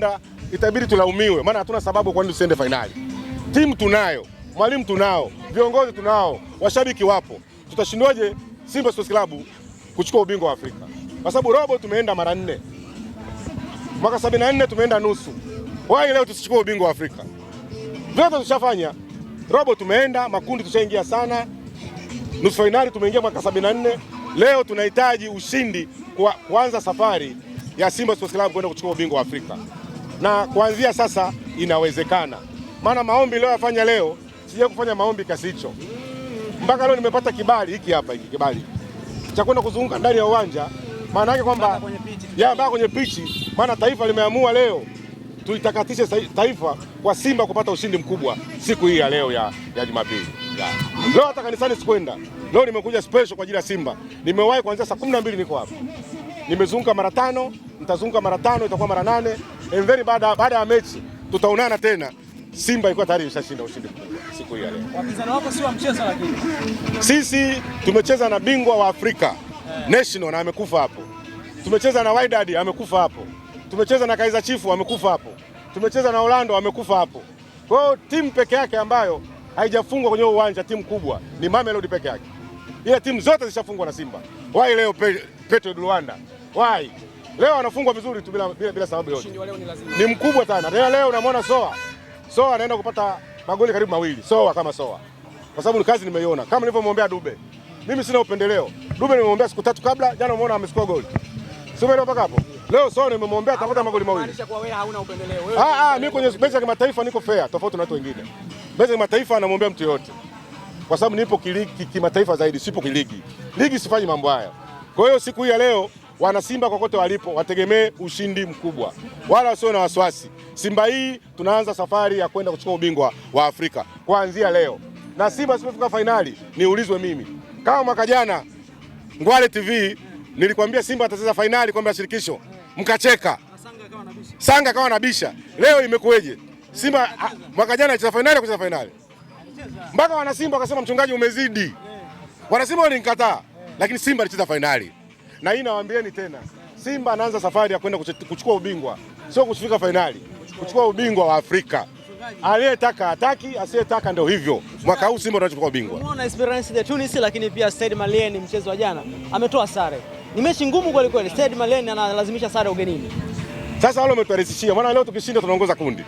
tunakwenda itabidi tulaumiwe, maana hatuna sababu kwa nini tusiende fainali. Timu tunayo, mwalimu tunao, viongozi tunao, washabiki wapo. Tutashindwaje Simba Sports Club kuchukua ubingwa wa Afrika? Kwa sababu robo tumeenda mara nne, mwaka 74 tumeenda nusu. Wai leo tusichukue ubingwa wa Afrika? Vyote tushafanya, robo tumeenda, makundi tushaingia sana, nusu fainali tumeingia mwaka 74. Leo tunahitaji ushindi kwa kuanza safari ya Simba Sports Club kwenda kuchukua ubingwa wa Afrika na kuanzia sasa inawezekana, maana maombi leo yafanya leo, sija kufanya maombi kasi hicho mpaka leo nimepata kibali hiki hapa, hiki kibali cha kwenda kuzunguka ndani ya uwanja, maana yake kwamba baa kwenye pichi, maana taifa limeamua leo tuitakatishe taifa kwa Simba kupata ushindi mkubwa siku hii ya leo ya, ya Jumapili. Leo hata kanisani sikwenda, leo nimekuja special kwa ajili ya Simba. Nimewahi kuanzia saa kumi mbili niko hapa, nimezunguka mara tano, nitazunguka mara tano, itakuwa mara nane. Enveri baada baada ya mechi tutaonana tena. Simba ilikuwa tayari imeshashinda ushindi siku hiyo leo. Wapinzani wako si wa mchezo lakini. Sisi tumecheza na bingwa wa Afrika yeah. National na amekufa hapo. Tumecheza na Wydad amekufa hapo. Tumecheza na Kaizer Chiefs amekufa hapo. Tumecheza na Orlando amekufa hapo. Kwa hiyo timu peke yake ambayo haijafungwa kwenye uwanja timu kubwa ni Mamelodi peke yake. Ile timu zote zishafungwa na Simba. Wai leo Petro Luanda. Wai leo anafungwa vizuri tu bila, bila, bila sababu yoyote. Ni mkubwa sana leo. Leo unamwona Soa, Soa anaenda kupata magoli karibu mawili, Soa kama Soa, kwa sababu ni kazi nimeiona, kama nilivyomwombea Dube. Mimi sina upendeleo, Dube nimemwombea siku tatu kabla, jana umeona amesukua goli mpaka hapo leo Soa nimemwombea atapata magoli mawili. kwa wewe hauna upendeleo. Ah ah, Mimi kwenye mechi ya kimataifa niko fair, tofauti na watu wengine. Mechi ya kimataifa anamwombea mtu yote. kwa sababu nipo kimataifa zaidi, sipo kiligi. Ligi sifanyi mambo haya. Kwa hiyo siku hii ya leo wana Wanasimba kokote walipo wategemee ushindi mkubwa, wala wasio na wasiwasi. Simba hii tunaanza safari ya kwenda kuchukua ubingwa wa Afrika kuanzia leo, na Simba sipofika fainali niulizwe mimi. Kama mwaka jana Ngwale TV nilikwambia Simba atacheza fainali kombe la shirikisho, mkacheka, Sanga kawa nabisha. Leo imekuweje? Simba mwaka jana alicheza fainali, kucheza fainali mpaka wana Simba wakasema mchungaji, umezidi. Wana Simba walinikataa, lakini Simba alicheza fainali na hii nawaambieni tena, Simba anaanza safari ya kwenda kuchukua ubingwa, sio kufika fainali, kuchukua ubingwa wa Afrika. Aliyetaka hataki, asiyetaka ndio hivyo. Mwaka huu Simba tunachukua ubingwa. Umeona Esperance de Tunis, lakini pia Said Malien mchezo wa jana ametoa sare, ni mechi ngumu kweli kweli. Said Malien analazimisha sare ugenini. Sasa wale wametuarisishia, maana leo tukishinda tunaongoza kundi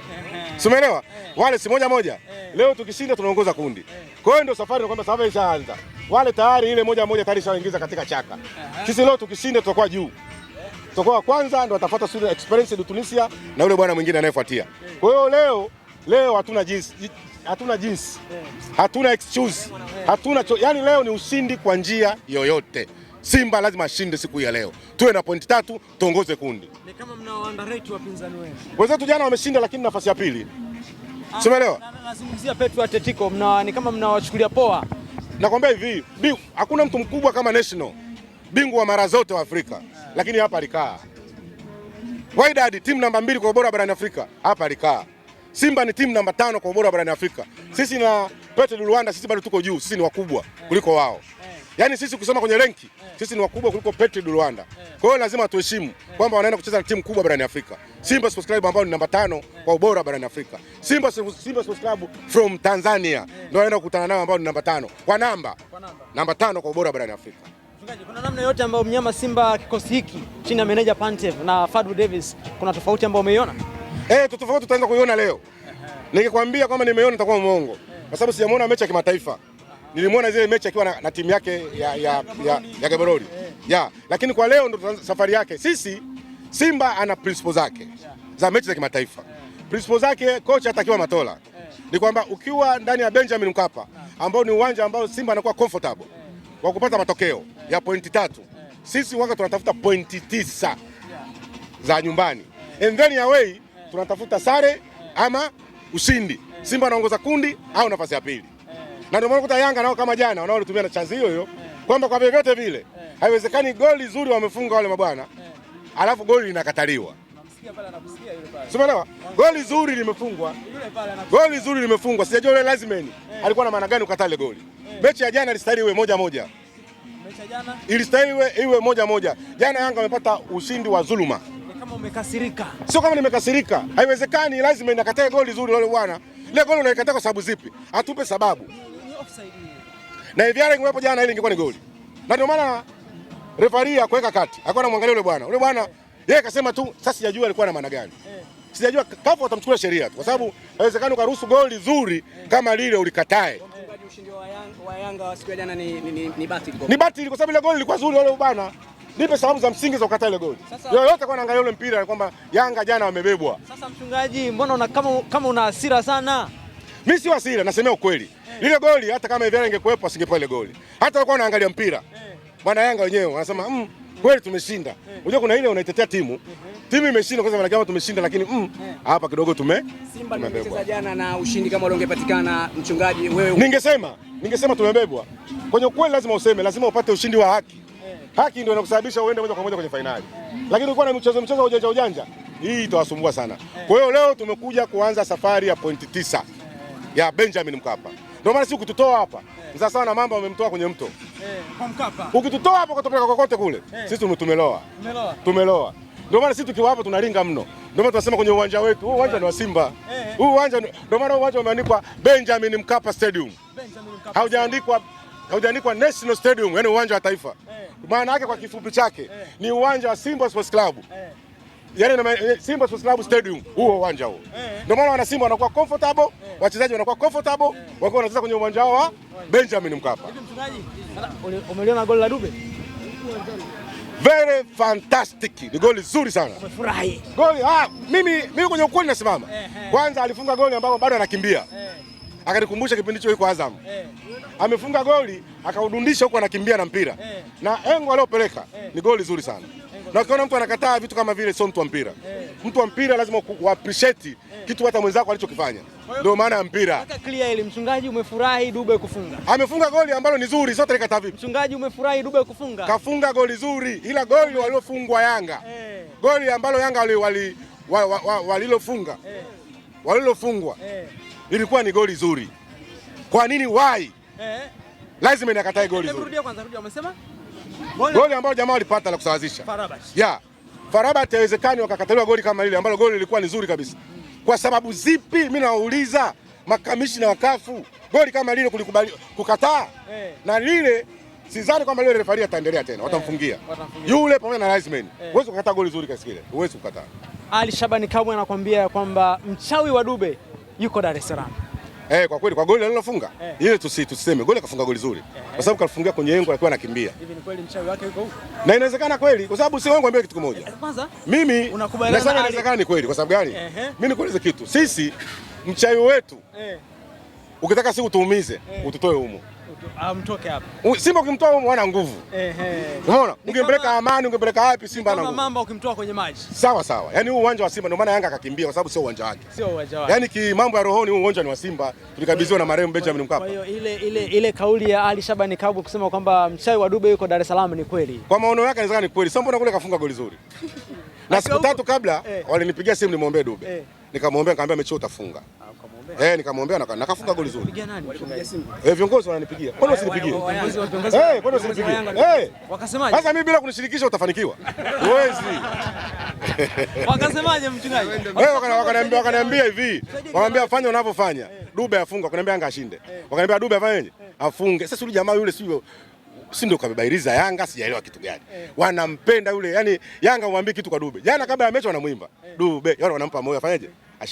Simeelewa? Eh, eh. Wale si moja moja. Eh. Leo tukishinda tunaongoza kundi. Kwa hiyo ndio safari kwamba safari ishaanza wale tayari ile moja moja tayari shawaingiza katika chaka. Sisi leo tukishinda tutakuwa juu, tutakuwa kwanza, ndo atafuata Sudan Experience du Tunisia na yule bwana mwingine anayefuatia. Kwa hiyo leo leo hatuna jinsi, hatuna jinsi, hatuna excuse, hatuna cho, yani leo ni ushindi kwa njia yoyote. Simba lazima ashinde siku ya leo, tuwe na pointi tatu, tuongoze kundi. Ni kama mnao underrate wapinzani wenu wenzetu, jana wameshinda, lakini nafasi ya pili, simeelewa. Ah, nazungumzia Petro Atletico, mna ni kama mnawachukulia poa Nakwambia hivi, hakuna mtu mkubwa kama National, bingwa mara zote wa Afrika, lakini hapa alikaa. Wydad timu namba mbili kwa ubora barani Afrika, hapa alikaa. Simba ni timu namba tano kwa ubora barani Afrika. Sisi na Petro Luanda, sisi bado tuko juu, sisi ni wakubwa kuliko wao. Yaani sisi kusema kwenye renki yeah. Sisi ni wakubwa kuliko Petri du Rwanda yeah. Kwa hiyo lazima tuheshimu yeah. kwamba wanaenda kucheza na timu kubwa barani Afrika yeah. Simba Sports Club ambao ni namba tano yeah. kwa ubora barani Afrika Simba, Simba Sports Club from Tanzania yeah. ndio wanaenda kukutana nao ambao ni namba tano kwa namba kwa namba, namba tano kwa ubora barani Afrika. kuna namna yote ambayo mnyama Simba kikosi hiki chini ya meneja Pantev na Fadlu Davis kuna tofauti ambayo umeiona? Eh, hey, tofauti tutaanza kuiona leo. Nikikwambia kwamba nimeiona nitakuwa mwongo eh. kwa sababu sijamuona mechi ya kimataifa nilimwona zile mechi akiwa na, na timu yake ya, ya, ya, ya Gaborone yeah. Lakini kwa leo ndo safari yake. Sisi Simba ana principle zake za mechi za kimataifa. Principle zake kocha atakiwa Matola ni kwamba ukiwa ndani ya Benjamin Mkapa ambao ni uwanja ambao Simba anakuwa comfortable wa kupata matokeo ya pointi tatu, sisi waka tunatafuta pointi tisa za nyumbani and then away tunatafuta sare ama ushindi. Simba anaongoza kundi au nafasi ya pili na ndio maana kuta Yanga nao kama jana wanaolitumia na chanzi hiyo hiyo eh. kwamba kwa vyovyote vile eh. haiwezekani goli zuri wamefunga wale mabwana, eh. alafu goli linakataliwa. Sielewa goli zuri limefungwa, goli zuri limefungwa, sijajua yule lazimeni alikuwa na maana gani ukatale goli. Mechi ya jana ilistahili iwe moja moja, ilistahili iwe moja moja. Jana Yanga amepata ushindi wa dhuluma. Umekasirika? Sio kama nimekasirika, haiwezekani lazima inakatae goli zuri Wale bwana. Ile goli unaikataa kwa sababu zipi? Atupe sababu offside Na hivi yale ingekuwepo jana ile ingekuwa ni goli. Na ndio maana refari akaweka kati. Akawa anamwangalia yule bwana. Yule bwana yeye akasema tu sasa sijajua alikuwa na maana gani. Sijajua kafu watamchukulia sheria tu kwa sababu haiwezekani ukaruhusu goli zuri kama lile ulikatae. ni ni batili. kwa sababu ile goli ilikuwa zuri yule bwana. Nipe sababu za msingi za kukata ile goli. Yoyote kwa anaangalia yule mpira ni kwamba Yanga jana wamebebwa. Sasa mchungaji, mbona una kama kama una hasira sana? Mimi si hasira, nasemea ukweli. Lile goli hata kama Viera ingekuwepo asingepewa ile goli. Hata alikuwa anaangalia mpira. Bwana Yanga wenyewe wanasema mm, kweli tumeshinda. Unajua kuna ile unaitetea timu. Timu imeshinda kwa sababu wanasema tumeshinda lakini mm, hapa kidogo tume Simba tumecheza jana na ushindi kama ungepatikana mchungaji wewe. Ningesema, ningesema tumebebwa. Kwenye kweli lazima useme, lazima upate ushindi wa haki. Haki ndio inakusababisha uende moja kwa moja kwenye fainali. Lakini ulikuwa na mchezo mchezo wa ujanja ujanja. Hii itawasumbua sana. Kwa hiyo leo tumekuja kuanza safari ya pointi tisa ya Benjamin Mkapa. Ndio maana si ukitutoa hapa mzaa sana mamba umemtoa kwenye mto kwa Mkapa, ukitutoa hapa ukatupeleka kokote kule, eh. sisi tumeloa, tumeloa. tumeloa. Ndio maana sisi tukiwa hapa tunalinga mno. Ndio maana tunasema kwenye uwanja wetu, huu uwanja ni wa eh. Simba, eh. huu uwanja. Ndio maana uwanja umeandikwa Benjamin Mkapa Stadium, haujaandikwa haujaandikwa National Stadium, yani uwanja wa taifa. Maana yake kwa kifupi chake ni uwanja wa Simba Sports Club yani na eh, Simba Sports Club Stadium huo uwanja huo. Eh. Ndio maana wana Simba wanakuwa comfortable, eh. wachezaji wanakuwa comfortable wakiwa wanacheza kwenye uwanja wao wa Benjamin Mkapa. Umeliona goli la Dube? Very fantastic. Ni goli zuri sana. Umefurahi. Goli ah, mimi mimi kwenye ukweli nasimama. Kwanza alifunga goli ambapo bado anakimbia. Akanikumbusha kipindi hicho yuko Azam. Amefunga goli akaudundisha huko anakimbia na mpira. Na engo aliyopeleka ni goli zuri sana na ukiona mtu anakataa vitu kama vile, sio mtu wa mpira. Mtu wa mpira lazima uappreciate kitu hata mwenzako alichokifanya, ndio maana ya mpira. Hata clear ile mchungaji, umefurahi Dube kufunga, amefunga goli ambalo ni zuri, sote likataa vipi? Mchungaji, umefurahi Dube kufunga, kafunga goli zuri, ila goli waliofungwa Yanga, eh. goli ambalo Yanga wali, walilofunga eh. walilofungwa eh. ilikuwa ni goli zuri. Kwa nini Why eh. lazima inakatae goli zuri? Rudia rudia, kwanza, umesema goli ambalo jamaa walipata la kusawazisha yeah. Farabat haiwezekani wakakataliwa goli kama lile ambalo goli lilikuwa ni zuri kabisa. Kwa sababu zipi? Mimi nawauliza makamishina wakafu, goli kama lile kulikubali kukataa hey. Eh. na lile sidhani kwamba lile refari ataendelea tena, eh, watamfungia yule pamoja na Raisman hey. Eh. Huwezi kukataa goli zuri kiasi kile, huwezi kukataa. Ali Shabani Kamwe anakuambia kwamba mchawi wa Dube yuko Dar es Salaam. Eh, kwa kweli kwa goli alilofunga eh, ile tusi tuseme goli akafunga goli zuri eh, kwa sababu kafungia kwenye yengo akiwa anakimbia. Hivi ni kweli mchawi wake yuko huko? Na inawezekana kweli kwa sababu si wangu ambaye kitu kimoja. Eh, kwanza mimi unakubaliana na inawezekana ni kweli kwa sababu gani? Eh, mimi nikueleze kitu. Sisi mchawi wetu eh, ukitaka si utuumize eh, ututoe humo amtoke hapa. Simba ukimtoa huyo mwana nguvu. Ehe. Unaona? Ungempeleka Amani, ungempeleka wapi Simba na nguvu. Mamba ukimtoa kwenye maji. Sawa sawa. Yaani huu uwanja wa Simba ndio maana Yanga akakimbia kwa sababu sio uwanja wake. Sio uwanja wake. Yaani ki mambo ya rohoni huu uwanja ni wa Simba. Tulikabidhiwa na marehemu Benjamin Mkapa. Kwa hiyo ile ile ile kauli ya Ali Shabani Kabu kusema kwamba mchawi wa Dube yuko Dar es Salaam ni kweli. Kwa maono yake inawezekana ni kweli. Sasa mbona kule kafunga goli zuri? Na siku tatu kabla eh. walinipigia simu nimwombee Dube. Eh. Nikamwombea nikamwambia mechi utafunga. Eh, nikamwombea na nakafunga goli zuri. Eh, viongozi wananipigia. Kwani usinipigie? Eh, kwani usinipigie? Eh. Wakasemaje? Sasa mimi bila kunishirikisha utafanikiwa. Huwezi. Wakasemaje mchungaji? Eh, wakaniambia wakaniambia hivi. Wakaniambia fanya unavyofanya. Eh. Dube afunga, wakaniambia Yanga ashinde. Wakaniambia Dube afanyeje? Afunge. Sasa yule jamaa yule sio si ndio kabebairiza Yanga, sijaelewa kitu gani eh. Wanampenda yule, yani Yanga umwambie kitu kwa Dube. Jana kabla ya mechi wanamwimba eh. Dube, yani wanampa moyo afanyeje?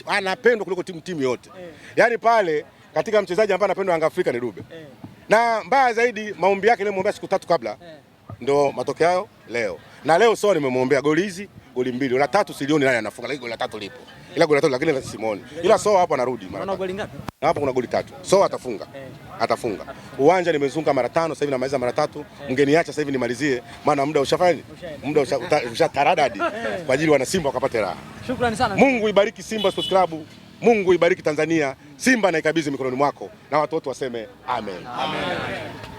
anapendwa kuliko timu timu yote eh. Yaani pale katika mchezaji ambaye anapendwa Yanga Afrika ni Dube eh. Na mbaya zaidi maombi yake nilimwombea siku tatu kabla eh. Ndo matokeo yao leo na leo sio nimemwombea goli hizi goli mbili, la tatu silioni nani anafunga, lakini goli la tatu lipo, ila goli la tatu lakini la simoni. ila Soa hapo anarudi mara tatu. Goli ngapi hapa? Kuna goli tatu, Soa atafunga, eh. atafunga. Uwanja nimezunguka mara tano, sasa hivi namaliza mara tatu. Eh. Mngeniacha sasa hivi nimalizie, maana muda ushafanya, muda ushataradadi eh. kwa ajili wana Simba wakapate raha. Shukrani sana, Mungu ibariki Simba Sports Club. Mungu ibariki Tanzania. Simba naikabidhi mikononi mwako, na watoto waseme amen. amen, amen. amen.